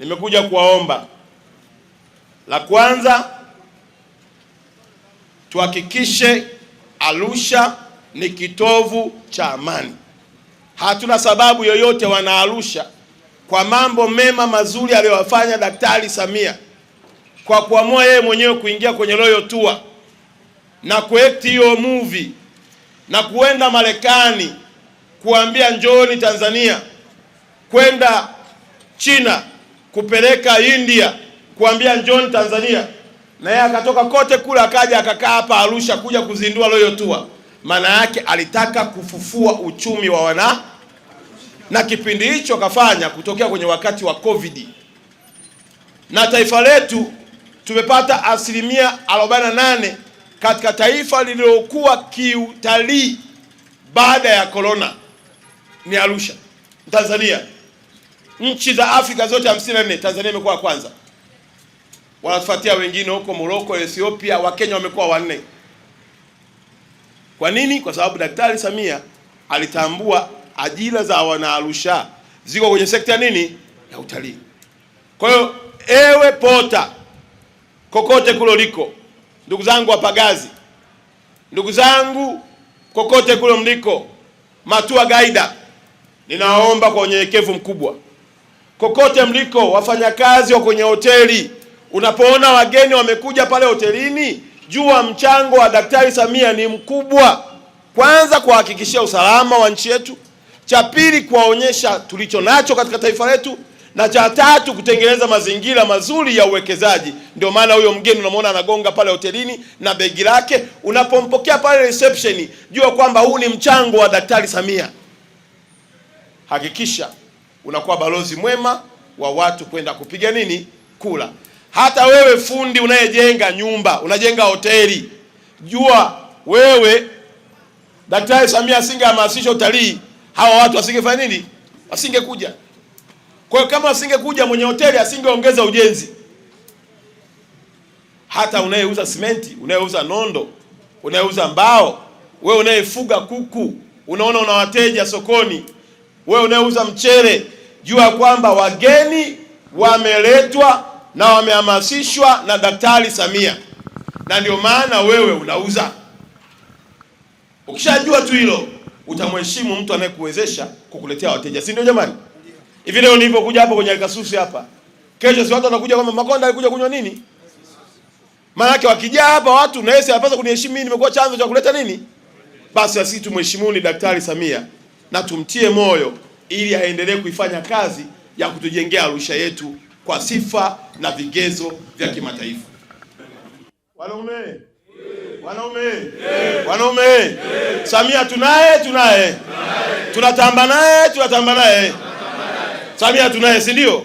nimekuja kuwaomba, la kwanza tuhakikishe Arusha ni kitovu cha amani. Hatuna sababu yoyote wana Arusha kwa mambo mema mazuri aliyowafanya Daktari Samia kwa kuamua yeye mwenyewe kuingia kwenye Royal Tour na kuact hiyo movie na kuenda Marekani kuambia njoni Tanzania, kwenda China kupeleka India kuambia njoni Tanzania, na yeye akatoka kote kule akaja akakaa hapa Arusha kuja kuzindua Royal Tour. Maana yake alitaka kufufua uchumi wa wana, na kipindi hicho akafanya kutokea kwenye wakati wa COVID, na taifa letu tumepata asilimia 48 katika taifa lililokuwa kiutalii baada ya corona ni Arusha Tanzania nchi za Afrika zote hamsini na nne Tanzania imekuwa kwanza, wanatufuatia wengine huko Morocco, Ethiopia, Wakenya wamekuwa wanne. Kwa nini? Kwa sababu Daktari Samia alitambua ajira za wanaarusha ziko kwenye sekta ya nini, ya utalii. Kwa hiyo ewe pota kokote kule uliko, ndugu zangu wapagazi, ndugu zangu kokote kule mliko, matua gaida, ninaomba kwa unyenyekevu mkubwa kokote mliko, wafanyakazi wa kwenye hoteli, unapoona wageni wamekuja pale hotelini, jua mchango wa Daktari Samia ni mkubwa. Kwanza, kuhakikishia usalama wa nchi yetu, cha pili, kuwaonyesha tulicho nacho katika taifa letu, na cha tatu, kutengeneza mazingira mazuri ya uwekezaji. Ndio maana huyo mgeni unamwona anagonga pale hotelini na begi lake. Unapompokea pale reception, jua kwamba huu ni mchango wa Daktari Samia. Hakikisha unakuwa balozi mwema wa watu kwenda kupiga nini kula. Hata wewe fundi unayejenga nyumba, unajenga hoteli, jua wewe Daktari Samia asingehamasisha utalii, hawa watu wasingefanya nini? Wasingekuja. Kwa hiyo kama wasingekuja, mwenye hoteli asingeongeza ujenzi. Hata unayeuza simenti, unayeuza nondo, unayeuza mbao, wewe unayefuga kuku, unaona una wateja sokoni wewe unayeuza mchele, jua kwamba wageni wameletwa na wamehamasishwa na Daktari Samia, na ndio maana wewe unauza. Ukishajua tu hilo, utamheshimu mtu anayekuwezesha kukuletea wateja, si ndio? Jamani, hivi leo nilivyokuja hapa kwenye kasusi hapa, kesho si watu wanakuja kama Makonda alikuja kunywa nini? yake wakija hapa watu na yeye anapaswa kuniheshimu mimi, nimekuwa chanzo cha kuleta nini? Basi sisi Daktari Samia na tumtie moyo ili aendelee kuifanya kazi ya kutujengea Arusha yetu kwa sifa na vigezo vya kimataifa. Wanaume, wanaume, wanaume, Samia tunaye, tunaye, tunatamba naye, tunatamba naye. Samia tunaye, si ndio?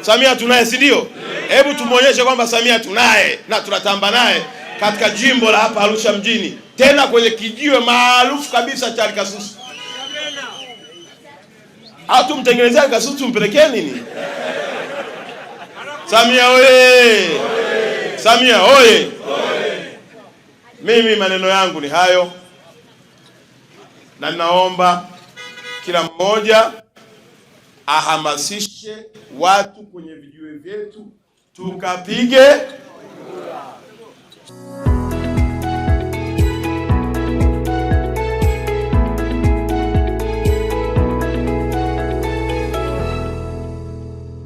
Samia tunaye, si ndio? Hebu tumwonyeshe kwamba Samia tunaye na tunatamba naye katika jimbo la hapa Arusha mjini, tena kwenye kijiwe maarufu kabisa cha Likasusi au tumtengenezea kasusu tumpelekee nini? Samia oye! Samia oye! Mimi maneno yangu ni hayo, na ninaomba kila mmoja ahamasishe watu kwenye vijiwe vyetu tukapige